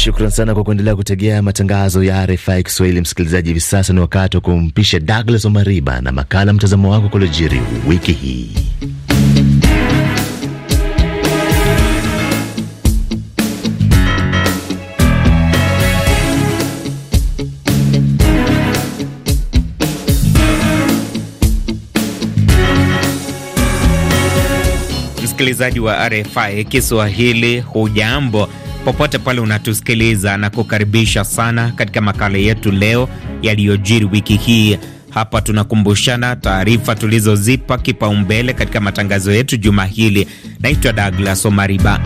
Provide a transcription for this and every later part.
Shukran sana kwa kuendelea kutegea matangazo ya RFI Kiswahili. Msikilizaji, hivi sasa ni wakati wa kumpisha Douglas Omariba na makala mtazamo wako kolojiri wiki hii. Msikilizaji wa RFI Kiswahili, hujambo? popote pale unatusikiliza na kukaribisha sana katika makala yetu leo yaliyojiri wiki hii. Hapa tunakumbushana taarifa tulizozipa kipaumbele katika matangazo yetu juma hili. Naitwa Douglas Omariba.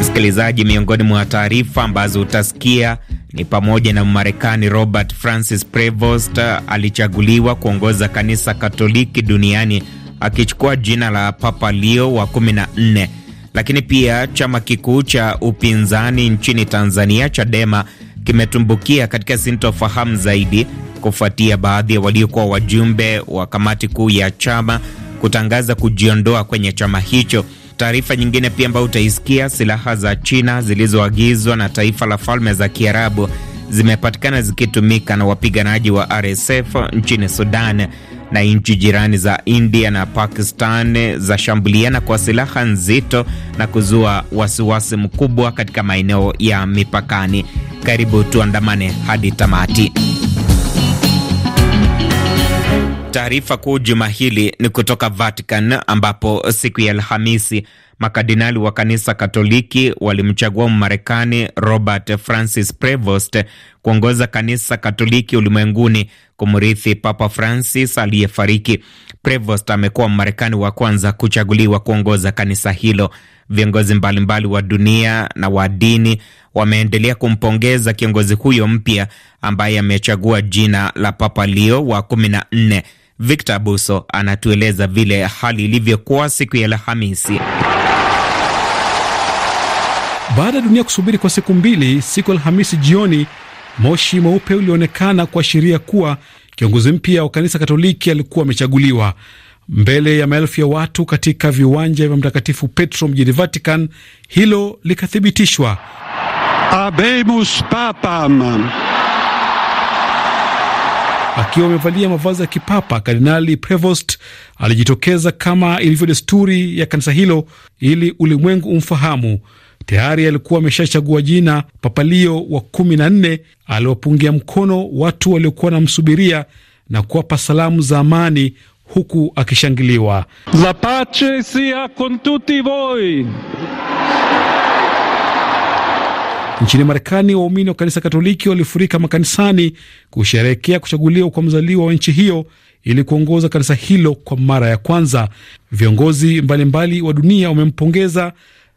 Msikilizaji, miongoni mwa taarifa ambazo utasikia ni pamoja na Mmarekani Robert Francis Prevost alichaguliwa kuongoza kanisa Katoliki duniani akichukua jina la Papa Leo wa 14. Lakini pia chama kikuu cha upinzani nchini Tanzania, Chadema, kimetumbukia katika sintofahamu zaidi kufuatia baadhi ya waliokuwa wajumbe wa kamati kuu ya chama kutangaza kujiondoa kwenye chama hicho. Taarifa nyingine pia ambayo utaisikia, silaha za China zilizoagizwa na taifa la Falme za Kiarabu zimepatikana zikitumika na wapiganaji wa RSF nchini Sudan na nchi jirani za India na Pakistan zashambuliana kwa silaha nzito na kuzua wasiwasi mkubwa katika maeneo ya mipakani. Karibu tuandamane hadi tamati. Taarifa kuu juma hili ni kutoka Vatican ambapo siku ya Alhamisi Makardinali wa kanisa Katoliki walimchagua Mmarekani Robert Francis Prevost kuongoza kanisa Katoliki ulimwenguni kumrithi Papa Francis aliyefariki. Prevost amekuwa Mmarekani wa kwanza kuchaguliwa kuongoza kanisa hilo. Viongozi mbalimbali wa dunia na wa dini wameendelea kumpongeza kiongozi huyo mpya ambaye amechagua jina la Papa Leo wa kumi na nne. Victor Buso anatueleza vile hali ilivyokuwa siku ya Alhamisi. Baada ya dunia kusubiri kwa siku mbili, siku Alhamisi jioni moshi mweupe ulionekana kuashiria kuwa kiongozi mpya wa kanisa Katoliki alikuwa amechaguliwa mbele ya maelfu ya watu katika viwanja vya Mtakatifu Petro mjini Vatican. Hilo likathibitishwa. Abemus papam. Akiwa amevalia mavazi ya kipapa, Kardinali Prevost alijitokeza kama ilivyo desturi ya kanisa hilo ili ulimwengu umfahamu tayari alikuwa ameshachagua jina Papalio wa kumi na nne aliwapungia mkono watu waliokuwa wanamsubiria na kuwapa salamu za amani huku akishangiliwa la pace sia con tutti voi. Nchini Marekani, waumini wa kanisa Katoliki walifurika makanisani kusherehekea kuchaguliwa kwa mzaliwa wa nchi hiyo ili kuongoza kanisa hilo kwa mara ya kwanza. Viongozi mbalimbali mbali wa dunia wamempongeza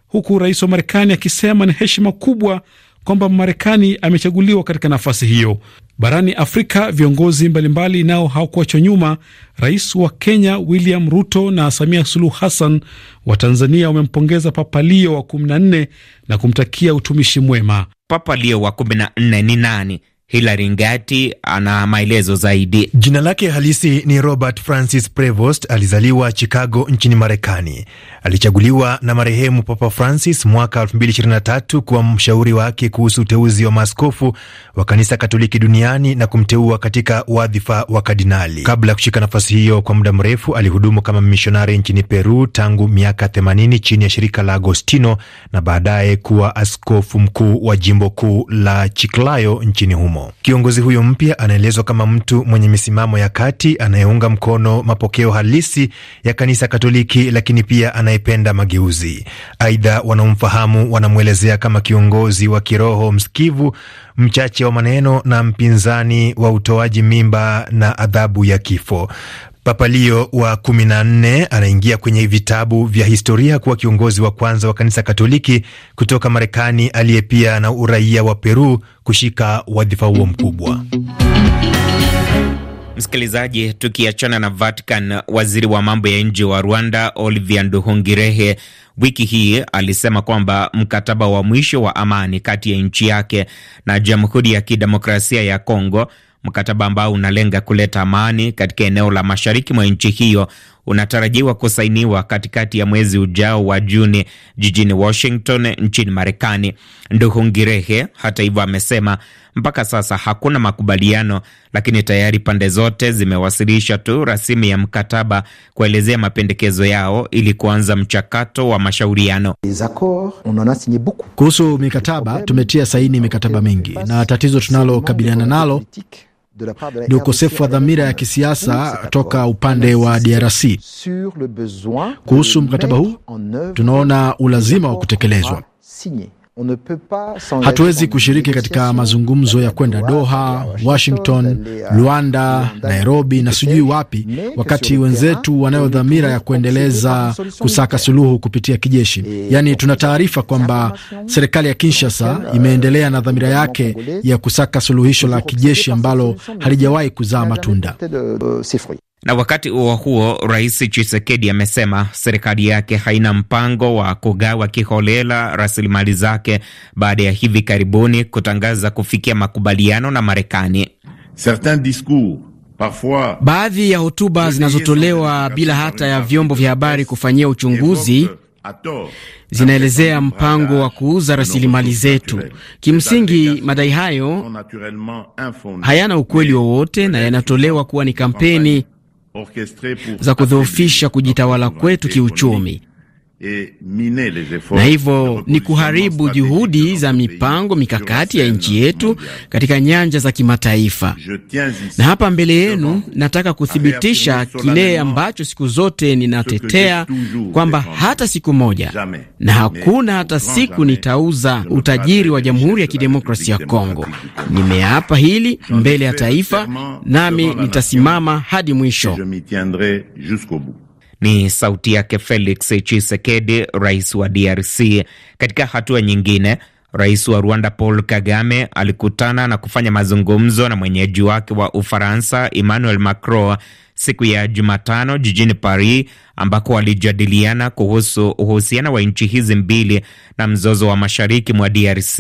huku rais wa Marekani akisema ni heshima kubwa kwamba Marekani amechaguliwa katika nafasi hiyo. Barani Afrika, viongozi mbalimbali nao hawakuachwa nyuma. Rais wa Kenya William Ruto na Samia Suluhu Hassan wa Tanzania wamempongeza Papa Leo wa 14 na kumtakia utumishi mwema. Papa Leo wa 14 ni nani? Hilary Ngati ana maelezo zaidi. Jina lake halisi ni Robert Francis Prevost. Alizaliwa Chicago nchini Marekani alichaguliwa na marehemu Papa Francis mwaka 2023 kuwa mshauri wake kuhusu uteuzi wa maaskofu wa kanisa Katoliki duniani na kumteua katika wadhifa wa kardinali. Kabla ya kushika nafasi hiyo kwa muda mrefu, alihudumu kama mishonari nchini Peru tangu miaka 80 chini ya shirika la Agostino na baadaye kuwa askofu mkuu wa jimbo kuu la chiklayo nchini humo. Kiongozi huyo mpya anaelezwa kama mtu mwenye misimamo ya kati anayeunga mkono mapokeo halisi ya kanisa Katoliki, lakini pia ana anayependa mageuzi. Aidha, wanaomfahamu wanamwelezea kama kiongozi wa kiroho msikivu, mchache wa maneno na mpinzani wa utoaji mimba na adhabu ya kifo. Papa Leo wa kumi na nne anaingia kwenye vitabu vya historia kuwa kiongozi wa kwanza wa kanisa Katoliki kutoka Marekani aliye pia na uraia wa Peru kushika wadhifa huo mkubwa. Msikilizaji, tukiachana na Vatican, waziri wa mambo ya nje wa Rwanda Olivier Nduhungirehe wiki hii alisema kwamba mkataba wa mwisho wa amani kati ya nchi yake na Jamhuri ya Kidemokrasia ya Kongo, mkataba ambao unalenga kuleta amani katika eneo la mashariki mwa nchi hiyo, unatarajiwa kusainiwa katikati ya mwezi ujao wa Juni jijini Washington nchini Marekani. Nduhungirehe hata hivyo amesema mpaka sasa hakuna makubaliano, lakini tayari pande zote zimewasilisha tu rasimu ya mkataba kuelezea mapendekezo yao ili kuanza mchakato wa mashauriano. Kuhusu mikataba, tumetia saini mikataba mingi, na tatizo tunalokabiliana nalo ni ukosefu wa dhamira ya kisiasa toka upande wa DRC. Kuhusu mkataba huu, tunaona ulazima wa kutekelezwa. Hatuwezi kushiriki katika mazungumzo ya kwenda Doha, Washington, Luanda, Nairobi na sijui wapi, wakati wenzetu wanayo dhamira ya kuendeleza kusaka suluhu kupitia kijeshi. Yaani, tuna taarifa kwamba serikali ya Kinshasa imeendelea euh, na dhamira yake ya kusaka suluhisho la kijeshi ambalo halijawahi kuzaa matunda. Na wakati huo huo, Rais Chisekedi amesema serikali yake haina mpango wa kugawa kiholela rasilimali zake baada ya hivi karibuni kutangaza kufikia makubaliano na Marekani. Baadhi ya hotuba zinazotolewa bila hata ya vyombo vya habari kufanyia uchunguzi zinaelezea mpango wa kuuza rasilimali zetu. Kimsingi, madai hayo hayana ukweli wowote na yanatolewa kuwa ni kampeni za kudhoofisha kujitawala kwetu kiuchumi E na hivyo ni kuharibu juhudi za mipango mikakati ya nchi yetu katika nyanja za kimataifa. Na hapa mbele yenu nataka kuthibitisha kile ambacho siku zote ninatetea kwamba hata siku moja na hakuna hata siku nitauza utajiri wa Jamhuri ya Kidemokrasia ya Kongo. Nimeapa hili mbele ya taifa, nami nitasimama hadi mwisho. Ni sauti yake Felix chisekedi rais wa DRC. Katika hatua nyingine, rais wa Rwanda Paul Kagame alikutana na kufanya mazungumzo na mwenyeji wake wa Ufaransa Emmanuel Macron siku ya Jumatano jijini Paris, ambako walijadiliana kuhusu uhusiano wa nchi hizi mbili na mzozo wa mashariki mwa DRC.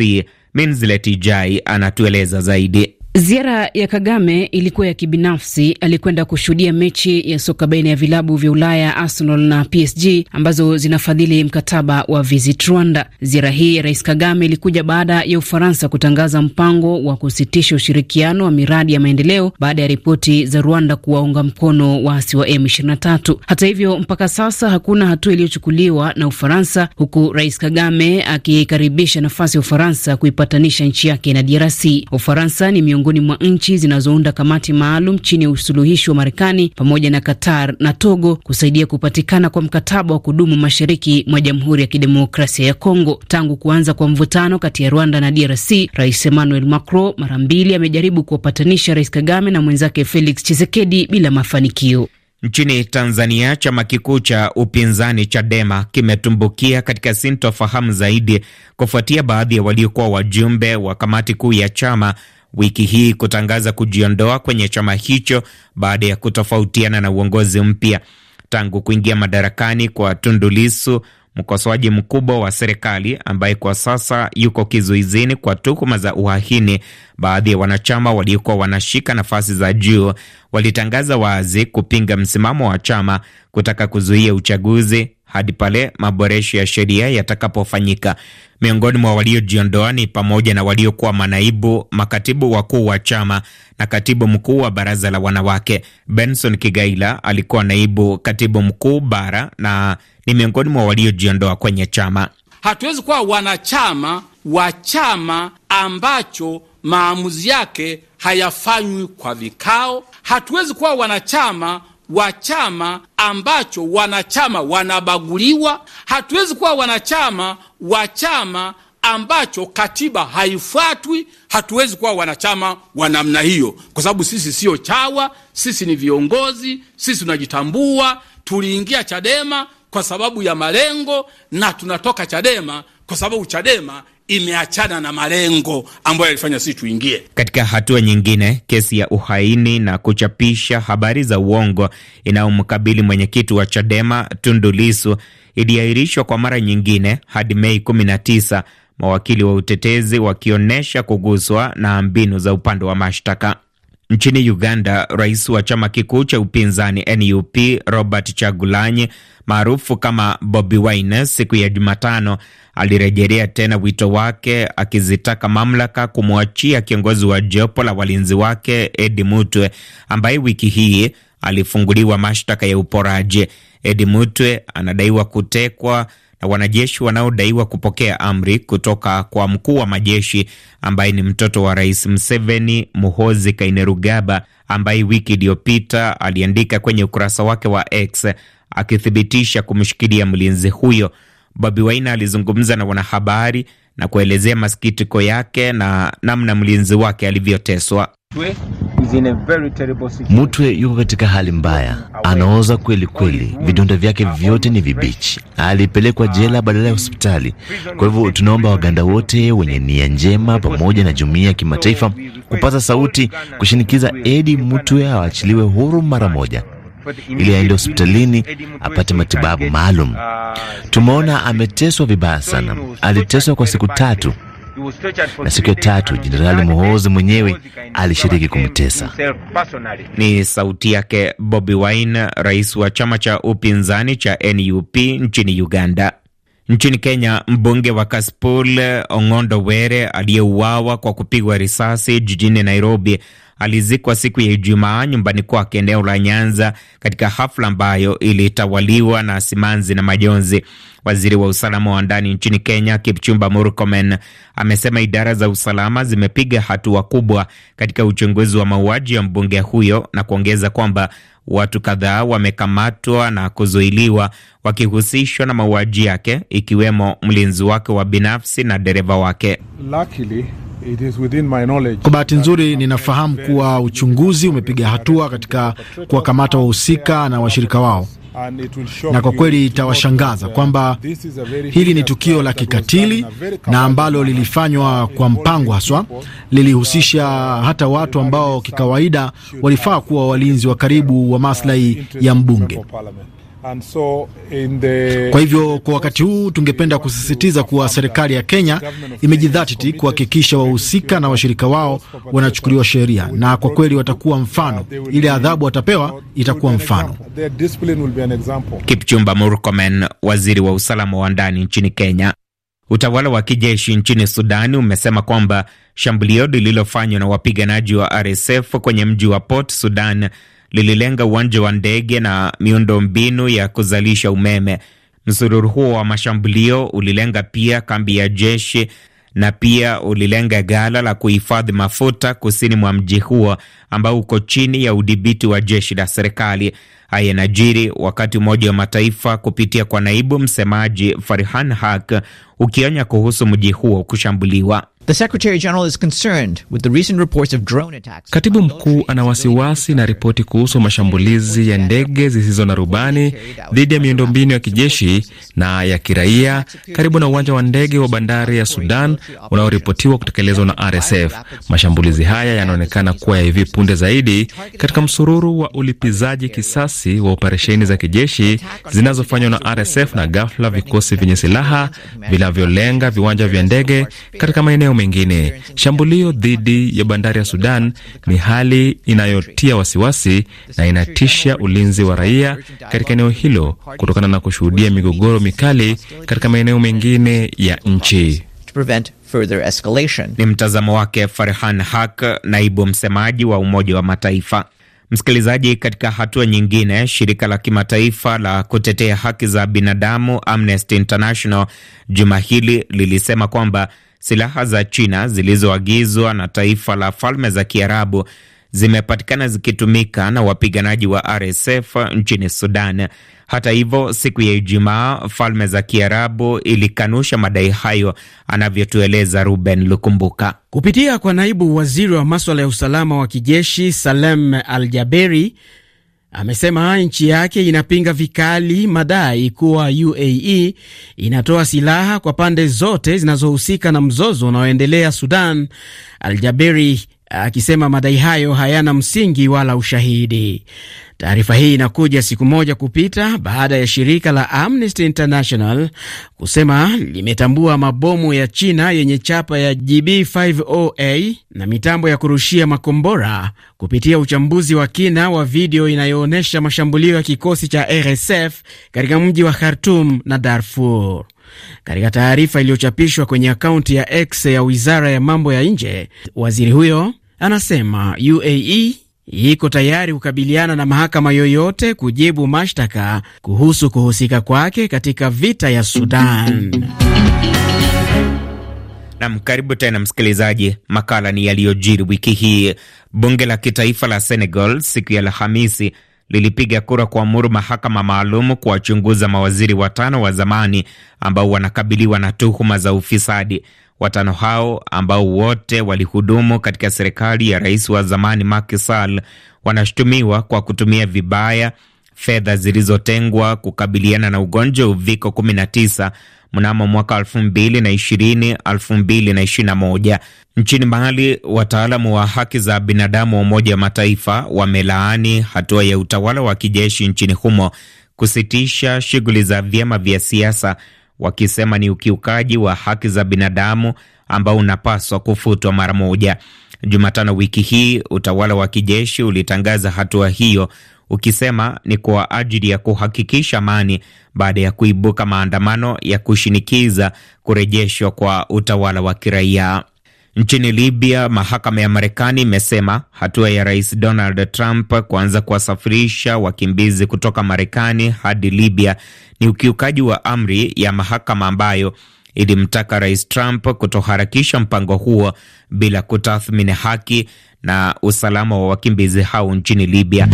Minzleti Jai anatueleza zaidi. Ziara ya Kagame ilikuwa ya kibinafsi. Alikwenda kushuhudia mechi ya soka baina ya vilabu vya Ulaya, Arsenal na PSG ambazo zinafadhili mkataba wa Visit Rwanda. Ziara hii ya Rais Kagame ilikuja baada ya Ufaransa kutangaza mpango wa kusitisha ushirikiano wa miradi ya maendeleo baada ya ripoti za Rwanda kuwaunga mkono waasi wa M23. Hata hivyo, mpaka sasa hakuna hatua iliyochukuliwa na Ufaransa, huku Rais Kagame akikaribisha nafasi ya Ufaransa kuipatanisha nchi yake na DRC. Ufaransa ni miongoni mwa nchi zinazounda kamati maalum chini ya usuluhishi wa Marekani pamoja na Qatar na Togo kusaidia kupatikana kwa mkataba wa kudumu mashariki mwa Jamhuri ya Kidemokrasia ya Kongo. Tangu kuanza kwa mvutano kati ya Rwanda na DRC, Rais Emmanuel Macron mara mbili amejaribu kuwapatanisha Rais Kagame na mwenzake Felix Tshisekedi bila mafanikio. Nchini Tanzania, chama kikuu cha upinzani Chadema kimetumbukia katika sintofahamu zaidi kufuatia baadhi ya waliokuwa wajumbe wa kamati kuu ya chama wiki hii kutangaza kujiondoa kwenye chama hicho baada ya kutofautiana na uongozi mpya. Tangu kuingia madarakani kwa Tundu Lissu, mkosoaji mkubwa wa serikali ambaye kwa sasa yuko kizuizini kwa tuhuma za uhaini, baadhi ya wanachama waliokuwa wanashika nafasi za juu walitangaza wazi kupinga msimamo wa chama kutaka kuzuia uchaguzi hadi pale maboresho ya sheria yatakapofanyika. Miongoni mwa waliojiondoa ni pamoja na waliokuwa manaibu makatibu wakuu wa chama na katibu mkuu wa baraza la wanawake. Benson Kigaila alikuwa naibu katibu mkuu bara na ni miongoni mwa waliojiondoa kwenye chama. Hatuwezi kuwa wanachama wa chama ambacho maamuzi yake hayafanywi kwa vikao. Hatuwezi kuwa wanachama wa chama ambacho wanachama wanabaguliwa. Hatuwezi kuwa wanachama wa chama ambacho katiba haifuatwi. Hatuwezi kuwa wanachama wa namna hiyo, kwa sababu sisi sio chawa. Sisi ni viongozi, sisi tunajitambua. Tuliingia Chadema kwa sababu ya malengo na tunatoka Chadema kwa sababu Chadema imeachana na malengo ambayo yalifanya sisi tuingie katika hatua nyingine. Kesi ya uhaini na kuchapisha habari za uongo inayomkabili mwenyekiti wa Chadema Tundu Lissu iliahirishwa kwa mara nyingine hadi Mei 19, mawakili wa utetezi wakionyesha kuguswa na mbinu za upande wa mashtaka. Nchini Uganda, rais wa chama kikuu cha upinzani NUP Robert Chagulanyi maarufu kama Bobi Wine siku ya Jumatano alirejelea tena wito wake akizitaka mamlaka kumwachia kiongozi wa jopo la walinzi wake Edi Mutwe ambaye wiki hii alifunguliwa mashtaka ya uporaji. Edi Mutwe anadaiwa kutekwa na wanajeshi wanaodaiwa kupokea amri kutoka kwa mkuu wa majeshi ambaye ni mtoto wa Rais Museveni, Muhozi Kainerugaba, ambaye wiki iliyopita aliandika kwenye ukurasa wake wa X akithibitisha kumshikilia mlinzi huyo. Bobi Wine alizungumza na wanahabari na kuelezea masikitiko yake na namna mlinzi wake alivyoteswa. Mutwe yuko katika hali mbaya, anaoza kweli kweli, vidonda vyake vyote ni vibichi. Alipelekwa jela badala ya hospitali. Kwa hivyo tunaomba Waganda wote wenye nia njema pamoja na jumuiya ya kimataifa kupaza sauti kushinikiza Edi Mutwe awachiliwe huru mara moja ili aende hospitalini apate matibabu maalum. Uh, Tumeona ameteswa vibaya sana, aliteswa kwa siku tatu na siku ya tatu Jenerali Muhoozi mwenyewe alishiriki kumtesa. Ni sauti yake Bobi Wine, rais wa chama cha upinzani cha NUP nchini Uganda. Nchini Kenya, mbunge wa Kasipul Ong'ondo Were aliyeuawa kwa kupigwa risasi jijini Nairobi alizikwa siku ya Ijumaa nyumbani kwake eneo la Nyanza katika hafla ambayo ilitawaliwa na simanzi na majonzi. Waziri wa usalama wa ndani nchini Kenya, Kipchumba Murkomen, amesema idara za usalama zimepiga hatua kubwa katika uchunguzi wa mauaji ya mbunge huyo na kuongeza kwamba watu kadhaa wamekamatwa na kuzuiliwa wakihusishwa na mauaji yake, ikiwemo mlinzi wake wa binafsi na dereva wake Luckily. Kwa bahati nzuri ninafahamu kuwa uchunguzi umepiga hatua katika kuwakamata wahusika na washirika wao, na kwa kweli itawashangaza kwamba hili ni tukio la kikatili na ambalo lilifanywa kwa mpango haswa. Lilihusisha uh, hata watu ambao kikawaida walifaa kuwa walinzi wa karibu wa maslahi ya mbunge. And so in the... Kwa hivyo kwa wakati huu tungependa kusisitiza kuwa serikali ya Kenya imejidhatiti kuhakikisha wahusika na washirika wao wanachukuliwa sheria, na kwa kweli watakuwa mfano. Ile adhabu watapewa itakuwa mfano. Kipchumba Murkomen, waziri wa usalama wa ndani nchini Kenya. Utawala wa kijeshi nchini Sudani umesema kwamba shambulio lililofanywa na wapiganaji wa RSF kwenye mji wa Port Sudan lililenga uwanja wa ndege na miundo mbinu ya kuzalisha umeme. Msururu huo wa mashambulio ulilenga pia kambi ya jeshi na pia ulilenga ghala la kuhifadhi mafuta kusini mwa mji huo ambao uko chini ya udhibiti wa jeshi la serikali. Haya najiri wakati Umoja wa Mataifa kupitia kwa naibu msemaji Farhan Haq ukionya kuhusu mji huo kushambuliwa. Katibu mkuu ana wasiwasi na ripoti kuhusu mashambulizi ya ndege zisizo na rubani dhidi ya miundombinu ya kijeshi na ya kiraia karibu na uwanja wa ndege wa bandari ya Sudan unaoripotiwa kutekelezwa na RSF. Mashambulizi haya yanaonekana kuwa ya hivi punde zaidi katika msururu wa ulipizaji kisasi wa operesheni za kijeshi zinazofanywa na RSF na ghafla vikosi vyenye silaha vinavyolenga viwanja vya ndege katika maeneo mengine. Shambulio dhidi ya bandari ya Sudan ni hali inayotia wasiwasi na inatisha ulinzi wa raia katika eneo hilo kutokana na kushuhudia migogoro mikali katika maeneo mengine ya nchi. Ni mtazamo wake Farhan Haq, naibu msemaji wa Umoja wa Mataifa. Msikilizaji, katika hatua nyingine, shirika la kimataifa la kutetea haki za binadamu Amnesty International juma hili lilisema kwamba Silaha za China zilizoagizwa na taifa la Falme za Kiarabu zimepatikana zikitumika na wapiganaji wa RSF nchini Sudan. Hata hivyo, siku ya Ijumaa, Falme za Kiarabu ilikanusha madai hayo, anavyotueleza Ruben Lukumbuka. Kupitia kwa naibu waziri wa maswala ya usalama wa kijeshi Salem Al Jaberi, amesema nchi yake inapinga vikali madai kuwa UAE inatoa silaha kwa pande zote zinazohusika na mzozo unaoendelea Sudan. Aljaberi akisema madai hayo hayana msingi wala ushahidi. Taarifa hii inakuja siku moja kupita baada ya shirika la Amnesty International kusema limetambua mabomu ya China yenye chapa ya GB50A na mitambo ya kurushia makombora kupitia uchambuzi wa kina wa video inayoonyesha mashambulio ya kikosi cha RSF katika mji wa Khartoum na Darfur. Katika taarifa iliyochapishwa kwenye akaunti ya X ya wizara ya mambo ya nje, waziri huyo anasema UAE iko tayari kukabiliana na mahakama yoyote kujibu mashtaka kuhusu kuhusika kwake katika vita ya Sudan. Nam, karibu tena msikilizaji. Makala ni yaliyojiri wiki hii. Bunge la kitaifa la Senegal siku ya Alhamisi lilipiga kura kuamuru mahakama maalum kuwachunguza mawaziri watano wa zamani ambao wanakabiliwa na tuhuma za ufisadi. Watano hao ambao wote walihudumu katika serikali ya rais wa zamani Macky Sall wanashutumiwa kwa kutumia vibaya fedha zilizotengwa kukabiliana na ugonjwa uviko 19 mnamo mwaka 2020 2021. Nchini Mali, wataalamu wa haki za binadamu wa Umoja wa Mataifa wamelaani hatua ya utawala wa kijeshi nchini humo kusitisha shughuli za vyama vya siasa, wakisema ni ukiukaji wa haki za binadamu ambao unapaswa kufutwa mara moja. Jumatano wiki hii utawala wa kijeshi ulitangaza hatua hiyo ukisema ni kwa ajili ya kuhakikisha amani baada ya kuibuka maandamano ya kushinikiza kurejeshwa kwa utawala wa kiraia. Nchini Libya, mahakama ya Marekani imesema hatua ya rais Donald Trump kuanza kuwasafirisha wakimbizi kutoka Marekani hadi Libya ni ukiukaji wa amri ya mahakama ambayo ilimtaka rais Trump kutoharakisha mpango huo bila kutathmini haki na usalama wa wakimbizi hao nchini Libya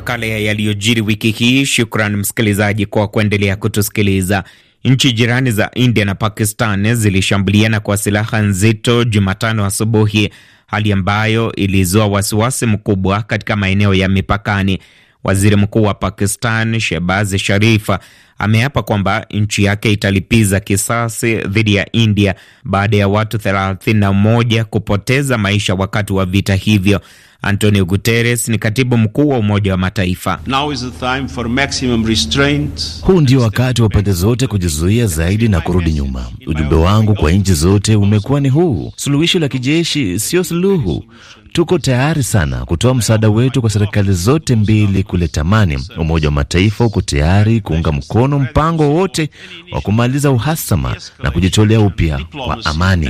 makala ya yaliyojiri wiki hii. Shukran msikilizaji kwa kuendelea kutusikiliza. Nchi jirani za India na Pakistan zilishambuliana kwa silaha nzito Jumatano asubuhi, hali ambayo ilizua wasiwasi mkubwa katika maeneo ya mipakani. Waziri Mkuu wa Pakistan Shehbaz Sharif ameapa kwamba nchi yake italipiza kisasi dhidi ya India baada ya watu 31 kupoteza maisha wakati wa vita hivyo. Antonio Guterres ni katibu mkuu wa Umoja wa Mataifa. Now is the time for maximum restraint. Huu ndio wakati wa pande zote kujizuia zaidi na kurudi nyuma. Ujumbe wangu kwa nchi zote umekuwa ni huu: suluhisho la kijeshi sio suluhu Tuko tayari sana kutoa msaada wetu kwa serikali zote mbili kuleta amani. Umoja wa Mataifa uko tayari kuunga mkono mpango wote wa kumaliza uhasama na kujitolea upya kwa amani.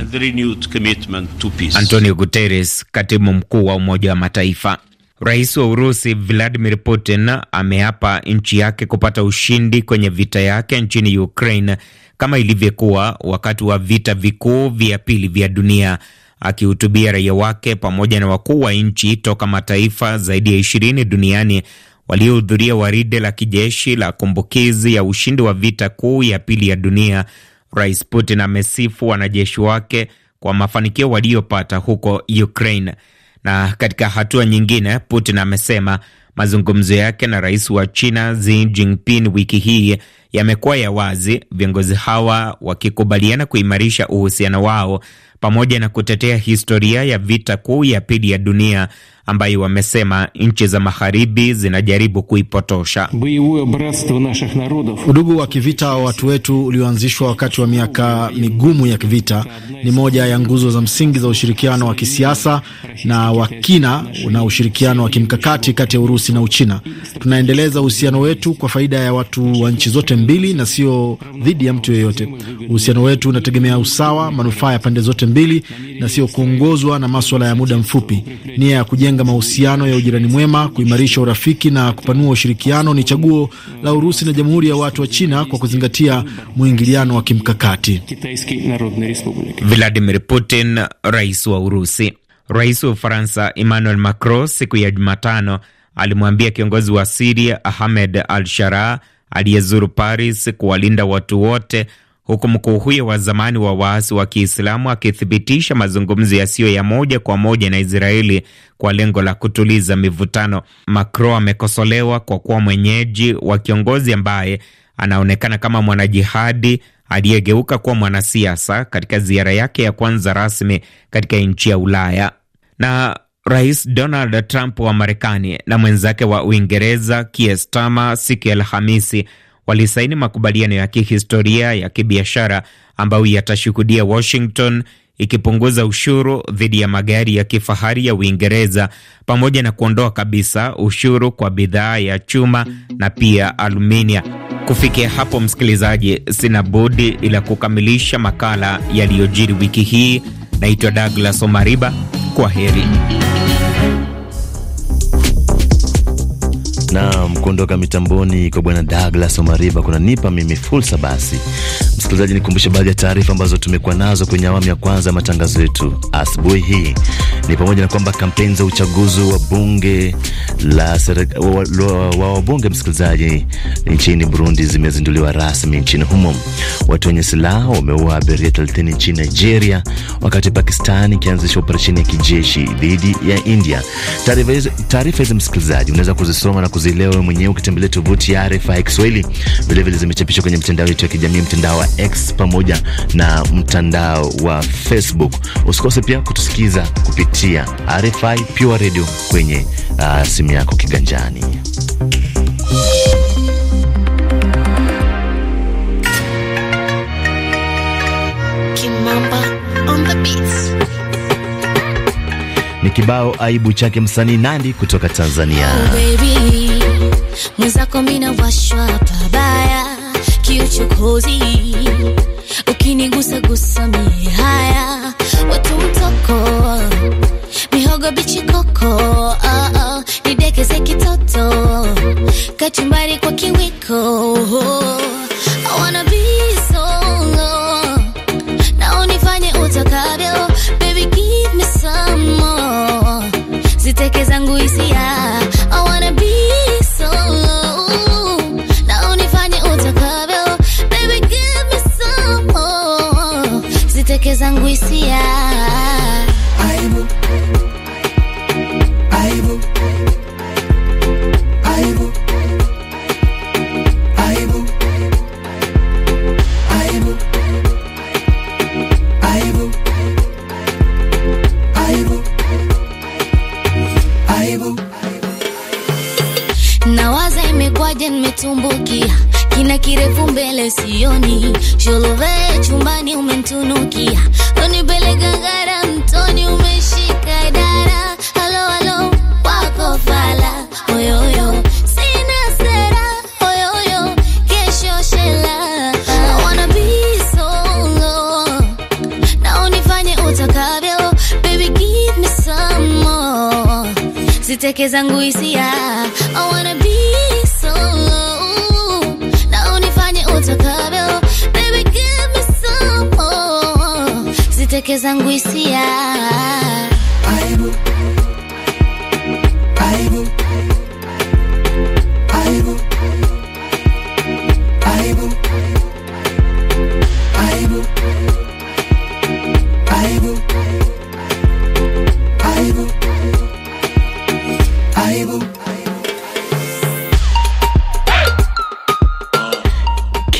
Antonio Guterres, katibu mkuu wa Umoja wa Mataifa. Rais wa Urusi Vladimir Putin ameapa nchi yake kupata ushindi kwenye vita yake nchini Ukraine kama ilivyokuwa wakati wa vita vikuu vya pili vya dunia akihutubia raia wake pamoja na wakuu wa nchi toka mataifa zaidi ya ishirini duniani waliohudhuria waride la kijeshi la kumbukizi ya ushindi wa vita kuu ya pili ya dunia. Rais Putin amesifu wanajeshi wake kwa mafanikio waliopata huko Ukraine. Na katika hatua nyingine, Putin amesema mazungumzo yake na rais wa China Xi Jinping wiki hii yamekuwa ya wazi, viongozi hawa wakikubaliana kuimarisha uhusiano wao pamoja na kutetea historia ya vita kuu ya pili ya dunia ambayo wamesema nchi za magharibi zinajaribu kuipotosha. Udugu wa kivita wa watu wetu ulioanzishwa wakati wa miaka migumu ya kivita ni moja ya nguzo za msingi za ushirikiano wa kisiasa na wa kina na ushirikiano wa kimkakati kati ya Urusi na Uchina. Tunaendeleza uhusiano wetu kwa faida ya watu wa nchi zote mbili na sio dhidi ya mtu yeyote. Uhusiano wetu unategemea usawa, manufaa ya pande zote mbili na sio kuongozwa na maswala ya muda mfupi. Nia ya kujenga kujenga mahusiano ya ujirani mwema, kuimarisha urafiki na kupanua ushirikiano ni chaguo la Urusi na Jamhuri ya Watu wa China kwa kuzingatia mwingiliano wa kimkakati. Vladimir Putin, rais wa Urusi. Rais wa Ufaransa Emmanuel Macron siku ya Jumatano alimwambia kiongozi wa Siria Ahmed al Sharaa aliyezuru Paris kuwalinda watu wote huku mkuu huyo wa zamani wa waasi wa Kiislamu akithibitisha mazungumzo yasiyo ya moja kwa moja na Israeli kwa lengo la kutuliza mivutano. Macron amekosolewa kwa kuwa mwenyeji wa kiongozi ambaye anaonekana kama mwanajihadi aliyegeuka kuwa mwanasiasa katika ziara yake ya kwanza rasmi katika nchi ya Ulaya. Na Rais Donald Trump wa Marekani na mwenzake wa Uingereza Keir Starmer siku ya Alhamisi walisaini makubaliano ya kihistoria ya kibiashara ambayo yatashuhudia Washington ikipunguza ushuru dhidi ya magari ya kifahari ya Uingereza pamoja na kuondoa kabisa ushuru kwa bidhaa ya chuma na pia aluminia. Kufikia hapo, msikilizaji, sina budi ila kukamilisha makala yaliyojiri wiki hii. Naitwa Douglas Omariba, kwa heri. Naam, kuondoka mitamboni kwa bwana Douglas Omariba kunanipa mimi fursa basi, msikilizaji, nikumbushe baadhi ya taarifa ambazo tumekuwa nazo kwenye awamu ya kwanza ya matangazo yetu asubuhi hii. Ni pamoja na kwamba kampeni za uchaguzi wa bunge la wa wabunge, msikilizaji, nchini Burundi zimezinduliwa rasmi nchini humo. Watu wenye silaha wameua abiria 30 nchini Nigeria, wakati Pakistani ikianzisha operesheni ya kijeshi dhidi ya India. Taarifa hizi msikilizaji, unaweza kuzisoma na kuzisoma kuzielewa wewe mwenyewe ukitembelea tovuti ya RFI Kiswahili. Vilevile zimechapishwa kwenye mtandao wetu ya kijamii, mtandao wa X pamoja na mtandao wa Facebook. Usikose pia kutusikiza kupitia RFI Pure Radio kwenye uh, simu yako kiganjani. Ni kibao aibu chake msanii Nandi kutoka Tanzania. Oh, baby mwenzako mina washwa pabaya kiuchokozi ukinigusagusa mihaya watu mtoko mihogo bichikoko oh, ah, oh, ah. nidekeze kitoto kachumbari kwa kiwiko I wanna niteke zangu hisia I wanna be na unifanye baby give me some zangu hisia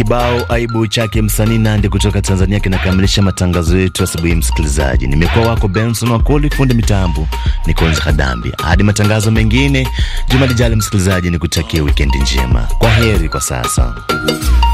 Kibao aibu chake msanii Nandi kutoka Tanzania kinakamilisha matangazo yetu asubuhi. Msikilizaji, nimekuwa wako Benson Wakoli, fundi mitambo ni Konzi Kadambi. Hadi matangazo mengine juma lijali, msikilizaji, ni kutakia wikendi njema. Kwa heri kwa sasa.